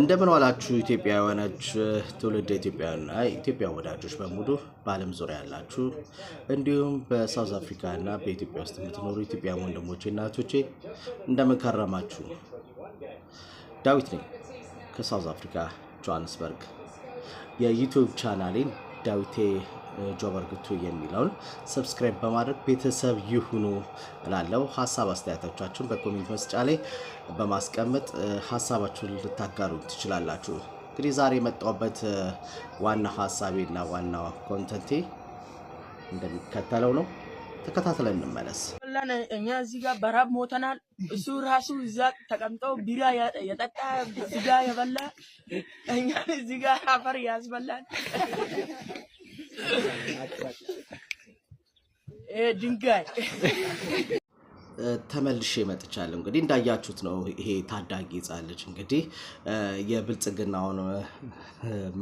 እንደምን ዋላችሁ ኢትዮጵያውያኖች፣ ትውልድ ኢትዮጵያና ኢትዮጵያ ወዳጆች በሙሉ በዓለም ዙሪያ ያላችሁ እንዲሁም በሳውዝ አፍሪካ እና በኢትዮጵያ ውስጥ የምትኖሩ ኢትዮጵያውያን ወንድሞቼ እናቶቼ እንደምንከረማችሁ። ዳዊት ነኝ ከሳውዝ አፍሪካ ጆሃንስበርግ። የዩቱብ ቻናሌን ዳዊቴ ጆብ እርግቱ የሚለውን ሰብስክራይብ በማድረግ ቤተሰብ ይሁኑ እላለሁ። ሀሳብ አስተያየቶቻችሁን በኮሜንት መስጫ ላይ በማስቀመጥ ሀሳባችሁን ልታጋሩ ትችላላችሁ። እንግዲህ ዛሬ የመጣሁበት ዋና ሀሳቤና ዋና ኮንተንቴ እንደሚከተለው ነው። ተከታትለን እንመለስ። እኛ እዚህ ጋር በራብ ሞተናል። እሱ ራሱ እዛ ተቀምጦ ቢራ የጠጣ ስጋ የበላ እኛ እዚህ ጋር አፈር ያስበላል። ድንጋይ ተመልሼ መጥቻለሁ። እንግዲህ እንዳያችሁት ነው ይሄ ታዳጊ ሕፃን ልጅ እንግዲህ የብልጽግናውን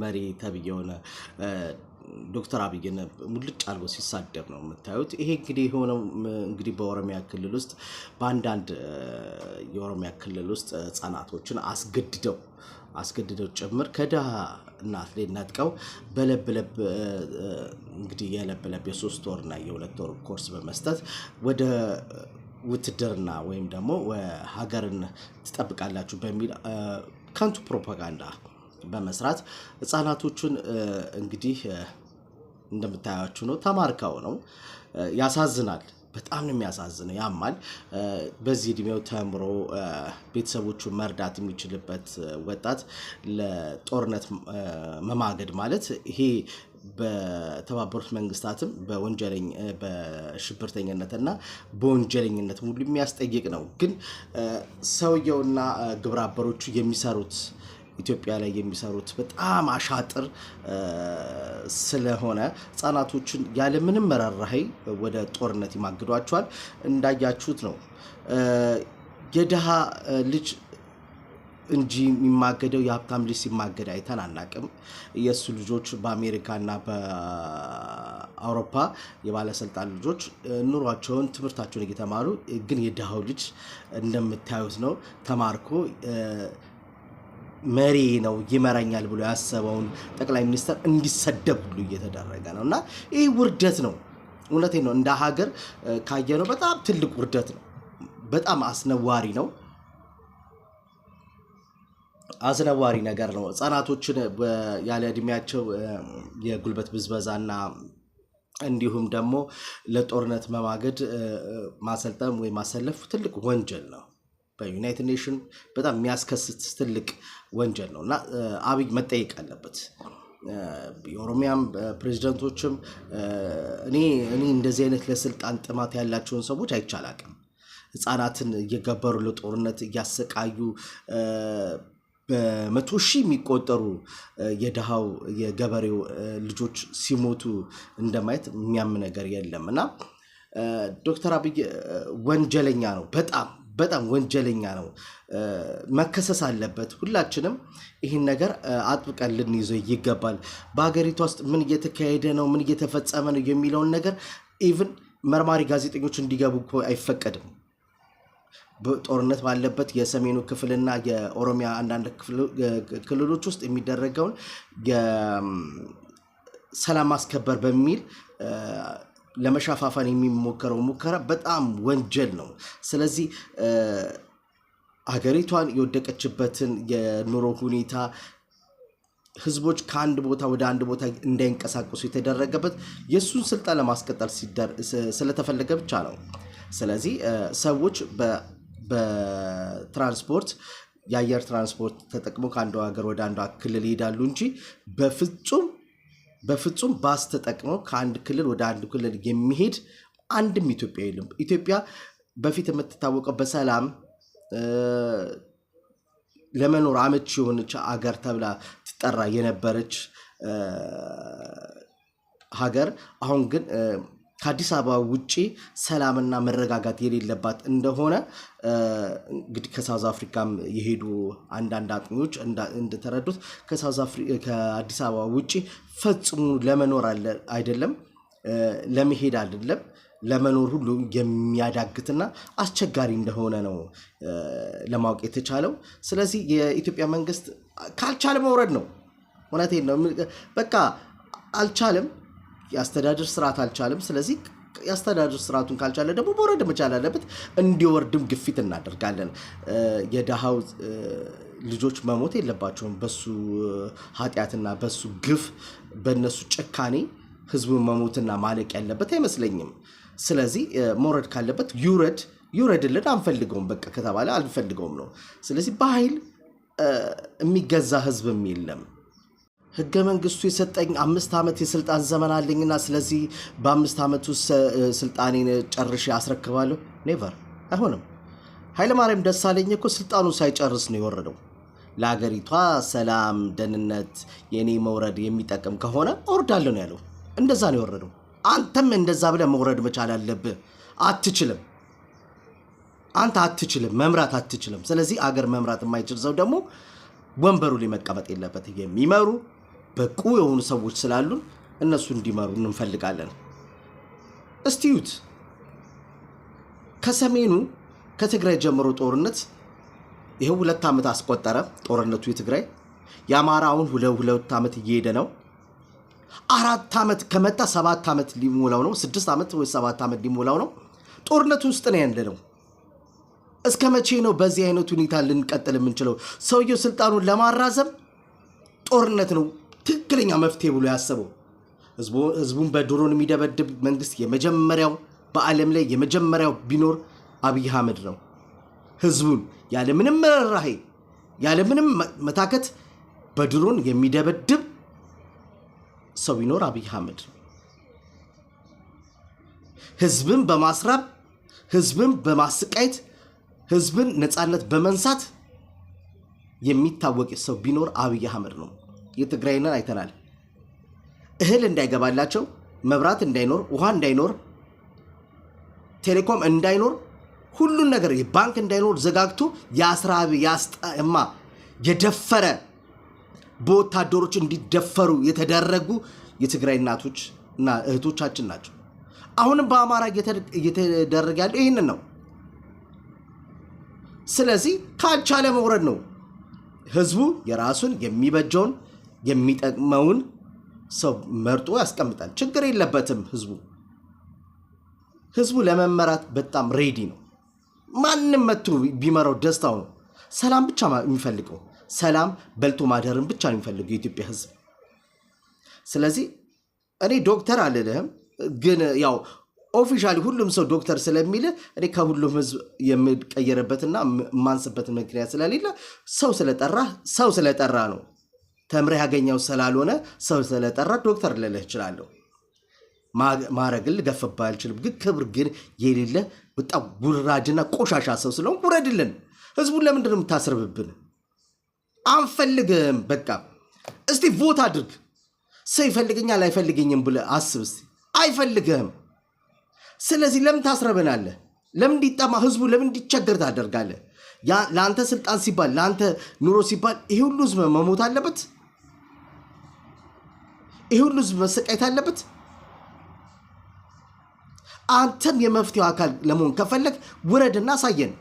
መሪ ተብዬውን ዶክተር አብይን ሙልጭ አድርጎ ሲሳደብ ነው የምታዩት። ይሄ እንግዲህ የሆነው እንግዲህ በኦሮሚያ ክልል ውስጥ በአንዳንድ የኦሮሚያ ክልል ውስጥ ህጻናቶችን አስገድደው አስገድደው ጭምር ከድሃ እናት ላይ ነጥቀው በለብለብ እንግዲህ የለብለብ የሶስት ወርና የሁለት ወር ኮርስ በመስጠት ወደ ውትድርና ወይም ደግሞ ሀገርን ትጠብቃላችሁ በሚል ከንቱ ፕሮፓጋንዳ በመስራት ህጻናቶቹን እንግዲህ እንደምታያችሁ ነው ተማርከው ነው። ያሳዝናል። በጣም ነው የሚያሳዝነው፣ ያማል። በዚህ እድሜው ተምሮ ቤተሰቦቹን መርዳት የሚችልበት ወጣት ለጦርነት መማገድ ማለት ይሄ በተባበሩት መንግስታትም በወንጀለኝ በሽብርተኝነትና በወንጀለኝነት ሁሉ የሚያስጠይቅ ነው። ግን ሰውየውና ግብረ አበሮቹ የሚሰሩት ኢትዮጵያ ላይ የሚሰሩት በጣም አሻጥር ስለሆነ ህጻናቶችን ያለምንም መራራሀይ ወደ ጦርነት ይማግዷቸዋል። እንዳያችሁት ነው የድሃ ልጅ እንጂ የሚማገደው የሀብታም ልጅ ሲማገድ አይተን አናቅም። የእሱ ልጆች በአሜሪካና በአውሮፓ የባለስልጣን ልጆች ኑሯቸውን ትምህርታቸውን እየተማሩ ግን የድሃው ልጅ እንደምታዩት ነው ተማርኮ መሪ ነው ይመራኛል ብሎ ያሰበውን ጠቅላይ ሚኒስትር እንዲሰደብ ሁሉ እየተደረገ ነው እና ይህ ውርደት ነው። እውነቴ ነው። እንደ ሀገር ካየነው በጣም ትልቅ ውርደት ነው። በጣም አስነዋሪ ነው። አስነዋሪ ነገር ነው። ህጻናቶችን ያለ እድሜያቸው የጉልበት ብዝበዛና እንዲሁም ደግሞ ለጦርነት መማገድ ማሰልጠም ወይ ማሰለፍ ትልቅ ወንጀል ነው። በዩናይትድ ኔሽን በጣም የሚያስከስት ትልቅ ወንጀል ነው እና አብይ መጠየቅ አለበት። የኦሮሚያም ፕሬዚደንቶችም እኔ እኔ እንደዚህ አይነት ለስልጣን ጥማት ያላቸውን ሰዎች አይቻላቅም ህፃናትን እየገበሩ ለጦርነት እያሰቃዩ በመቶ ሺህ የሚቆጠሩ የድሃው የገበሬው ልጆች ሲሞቱ እንደማየት የሚያም ነገር የለም እና ዶክተር አብይ ወንጀለኛ ነው በጣም በጣም ወንጀለኛ ነው፣ መከሰስ አለበት። ሁላችንም ይህን ነገር አጥብቀን ልንይዘው ይገባል። በሀገሪቷ ውስጥ ምን እየተካሄደ ነው፣ ምን እየተፈጸመ ነው የሚለውን ነገር ኢቭን መርማሪ ጋዜጠኞች እንዲገቡ አይፈቀድም። ጦርነት ባለበት የሰሜኑ ክፍልና የኦሮሚያ አንዳንድ ክልሎች ውስጥ የሚደረገውን የሰላም ማስከበር በሚል ለመሻፋፋን የሚሞከረው ሙከራ በጣም ወንጀል ነው። ስለዚህ ሀገሪቷን የወደቀችበትን የኑሮ ሁኔታ ህዝቦች ከአንድ ቦታ ወደ አንድ ቦታ እንዳይንቀሳቀሱ የተደረገበት የእሱን ስልጣን ለማስቀጠል ስለተፈለገ ብቻ ነው። ስለዚህ ሰዎች በትራንስፖርት የአየር ትራንስፖርት ተጠቅሞ ከአንዱ ሀገር ወደ አንዷ ክልል ይሄዳሉ እንጂ በፍጹም በፍጹም ባስ ተጠቅመው ከአንድ ክልል ወደ አንድ ክልል የሚሄድ አንድም ኢትዮጵያ የለም። ኢትዮጵያ በፊት የምትታወቀው በሰላም ለመኖር አመች የሆነች አገር ተብላ ትጠራ የነበረች ሀገር አሁን ግን ከአዲስ አበባ ውጭ ሰላምና መረጋጋት የሌለባት እንደሆነ እንግዲህ ከሳውዝ አፍሪካም የሄዱ አንዳንድ አጥኚዎች እንደተረዱት ከአዲስ አበባ ውጭ ፈጽሙ ለመኖር አይደለም ለመሄድ አይደለም ለመኖር ሁሉ የሚያዳግትና አስቸጋሪ እንደሆነ ነው ለማወቅ የተቻለው። ስለዚህ የኢትዮጵያ መንግስት ካልቻለ መውረድ ነው። እውነቴን ነው። በቃ አልቻለም። የአስተዳደር ስርዓት አልቻለም። ስለዚህ የአስተዳደር ስርዓቱን ካልቻለ ደግሞ መውረድ መቻል አለበት። እንዲወርድም ግፊት እናደርጋለን። የድሃው ልጆች መሞት የለባቸውም። በሱ ኃጢአትና በሱ ግፍ በነሱ ጭካኔ ህዝቡን መሞትና ማለቅ ያለበት አይመስለኝም። ስለዚህ መውረድ ካለበት ዩረድ ይውረድልን። አንፈልገውም፣ በቃ ከተባለ አንፈልገውም ነው። ስለዚህ በኃይል የሚገዛ ህዝብም የለም። ህገ መንግስቱ የሰጠኝ አምስት ዓመት የስልጣን ዘመን አለኝና ስለዚህ በአምስት ዓመት ውስጥ ስልጣኔን ጨርሼ አስረክባለሁ? ኔቨር አይሆንም። ኃይለማርያም ደሳለኝ እኮ ስልጣኑ ሳይጨርስ ነው የወረደው። ለሀገሪቷ ሰላም፣ ደህንነት የእኔ መውረድ የሚጠቅም ከሆነ እወርዳለሁ ነው ያለው። እንደዛ ነው የወረደው። አንተም እንደዛ ብለህ መውረድ መቻል አለብህ። አትችልም አንተ አትችልም፣ መምራት አትችልም። ስለዚህ አገር መምራት የማይችል ሰው ደግሞ ወንበሩ ላይ መቀመጥ የለበት የሚመሩ በቁ የሆኑ ሰዎች ስላሉን እነሱ እንዲመሩ እንፈልጋለን። እስቲዩት ከሰሜኑ ከትግራይ ጀምሮ ጦርነት ይኸው ሁለት ዓመት አስቆጠረ። ጦርነቱ የትግራይ የአማራውን አሁን ሁለት ዓመት እየሄደ ነው። አራት ዓመት ከመጣ ሰባት ዓመት ሊሞላው ነው። ስድስት ዓመት ወይ ሰባት ዓመት ሊሞላው ነው። ጦርነቱ ውስጥ ነው ያለ ነው። እስከ መቼ ነው በዚህ አይነት ሁኔታ ልንቀጥል የምንችለው? ሰውየው ስልጣኑን ለማራዘም ጦርነት ነው ትክክለኛ መፍትሄ ብሎ ያሰበው ህዝቡን በድሮን የሚደበድብ መንግስት የመጀመሪያው በዓለም ላይ የመጀመሪያው ቢኖር አብይ አህመድ ነው። ህዝቡን ያለምንም መረራሄ ያለምንም መታከት በድሮን የሚደበድብ ሰው ቢኖር አብይ አህመድ ነው። ህዝብን በማስራብ ህዝብን በማስቃየት ህዝብን ነፃነት በመንሳት የሚታወቅ ሰው ቢኖር አብይ አህመድ ነው። የትግራይን አይተናል። እህል እንዳይገባላቸው፣ መብራት እንዳይኖር፣ ውሃ እንዳይኖር፣ ቴሌኮም እንዳይኖር፣ ሁሉን ነገር ባንክ እንዳይኖር ዘጋግቶ የአስራብ ያስጠማ የደፈረ በወታደሮች እንዲደፈሩ የተደረጉ የትግራይ እናቶች እና እህቶቻችን ናቸው። አሁንም በአማራ እየተደረገ ያለው ይህንን ነው። ስለዚህ ካልቻለ መውረድ ነው። ህዝቡ የራሱን የሚበጀውን የሚጠቅመውን ሰው መርጦ ያስቀምጣል። ችግር የለበትም። ህዝቡ ህዝቡ ለመመራት በጣም ሬዲ ነው። ማንም መቶ ቢመራው ደስታው ነው። ሰላም ብቻ የሚፈልገው ሰላም፣ በልቶ ማደርን ብቻ ነው የሚፈልገው የኢትዮጵያ ህዝብ። ስለዚህ እኔ ዶክተር አልልህም፣ ግን ያው ኦፊሻሊ ሁሉም ሰው ዶክተር ስለሚል እኔ ከሁሉም ህዝብ የምቀየርበትና የማንስበት ምክንያት ስለሌለ ሰው ስለጠራ ሰው ስለጠራ ነው ተምሬ ያገኘው ስላልሆነ ሰው ስለጠራ ዶክተር ልልህ እችላለሁ። ማረግን ልገፍብህ አልችልም። ግን ክብር ግን የሌለ በጣም ውራጅና ቆሻሻ ሰው ስለሆን ውረድልን። ህዝቡን ለምንድን ነው የምታስርብብን? አንፈልግህም። በቃ እስቲ ቮት አድርግ። ሰው ይፈልገኛል አይፈልገኝም ብለህ አስብ እስቲ። አይፈልግህም። ስለዚህ ለምን ታስረብናለህ? ለምን እንዲጠማ ህዝቡ ለምን እንዲቸገር ታደርጋለህ? ለአንተ ስልጣን ሲባል ለአንተ ኑሮ ሲባል ይህ ሁሉ ህዝብ መሞት አለበት? ይህ ሁሉ ህዝብ መሰቃየት አለበት? አንተም የመፍትሄው አካል ለመሆን ከፈለግ ውረድና አሳየን።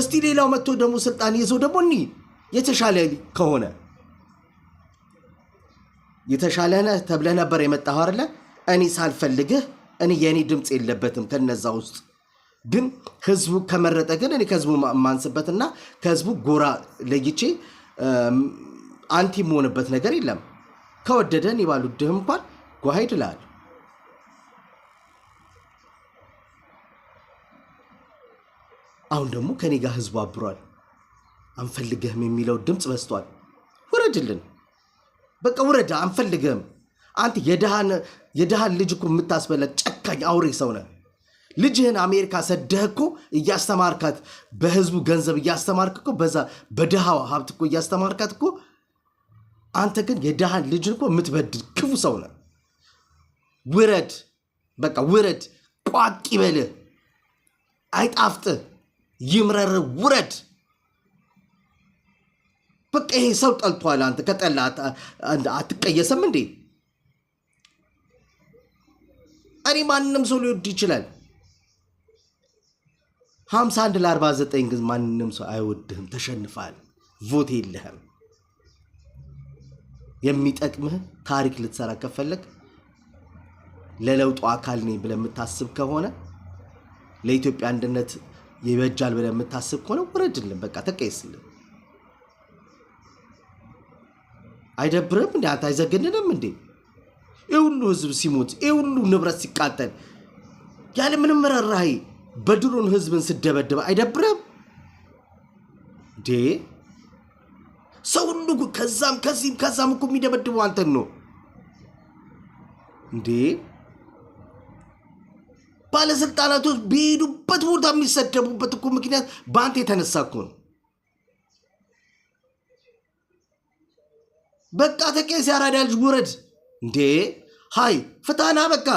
እስቲ ሌላው መጥቶ ደግሞ ስልጣን ይዘው ደግሞ እኒ የተሻለ ከሆነ የተሻለ ተብለ ነበር የመጣኸው አለ እኔ ሳልፈልግህ እኔ የእኔ ድምፅ የለበትም ከነዛ ውስጥ ግን ህዝቡ ከመረጠ ግን እኔ ከህዝቡ የማንስበትና ከህዝቡ ጎራ ለይቼ አንቲ የምሆንበት ነገር የለም። ከወደደን እኔ ድህ እንኳን ጓሄድ እልሃለሁ። አሁን ደግሞ ከኔ ጋር ህዝቡ አብሯል። አንፈልግህም የሚለው ድምፅ በስቷል ውረድልን፣ በቃ ውረዳ አንፈልግህም። አንተ የድሃን ልጅ እኮ የምታስበለት ጨካኝ አውሬ ሰው ነህ። ልጅህን አሜሪካ ሰደህ እኮ እያስተማርካት በህዝቡ ገንዘብ እያስተማርክ እኮ በዛ በድሃዋ ሀብት እኮ እያስተማርካት እኮ አንተ ግን የድሃን ልጅ እኮ የምትበድል ክፉ ሰው ነ ውረድ፣ በቃ ውረድ። ቋቅ ይበልህ፣ አይጣፍጥ ይምረር፣ ውረድ። በቃ ይሄ ሰው ጠልቷል። አንተ ከጠላ አትቀየሰም እንዴ? እኔ ማንም ሰው ሊወድ ይችላል። አንድ ለአርባ ዘጠኝ ግን ማንም ሰው አይወድህም። ተሸንፋል። ቮት የለህም። የሚጠቅምህ ታሪክ ልትሰራ ከፈለግ ለለውጡ አካል ነኝ ብለህ የምታስብ ከሆነ ለኢትዮጵያ አንድነት ይበጃል ብለህ የምታስብ ከሆነ ውረድልን፣ በቃ ተቀየስልን። አይደብርም እንዴ? አንተ አይዘገንንም እንዴ? ይህ ሁሉ ህዝብ ሲሞት፣ ይህ ሁሉ ንብረት ሲቃጠል ያለ ምንም ርኅራኄ በድሮን ህዝብን ስደበድበ አይደብረም! እንዴ? ሰው ሁሉ ከዛም ከዚህም ከዛም እኮ የሚደበድበው አንተን ነው እንዴ? ባለስልጣናቶች በሄዱበት ቦታ የሚሰደቡበት እኮ ምክንያት በአንተ የተነሳ እኮ ነው። በቃ ተቄስ ሲያራዳ ልጅ ውረድ እንዴ! ሀይ ፍታና በቃ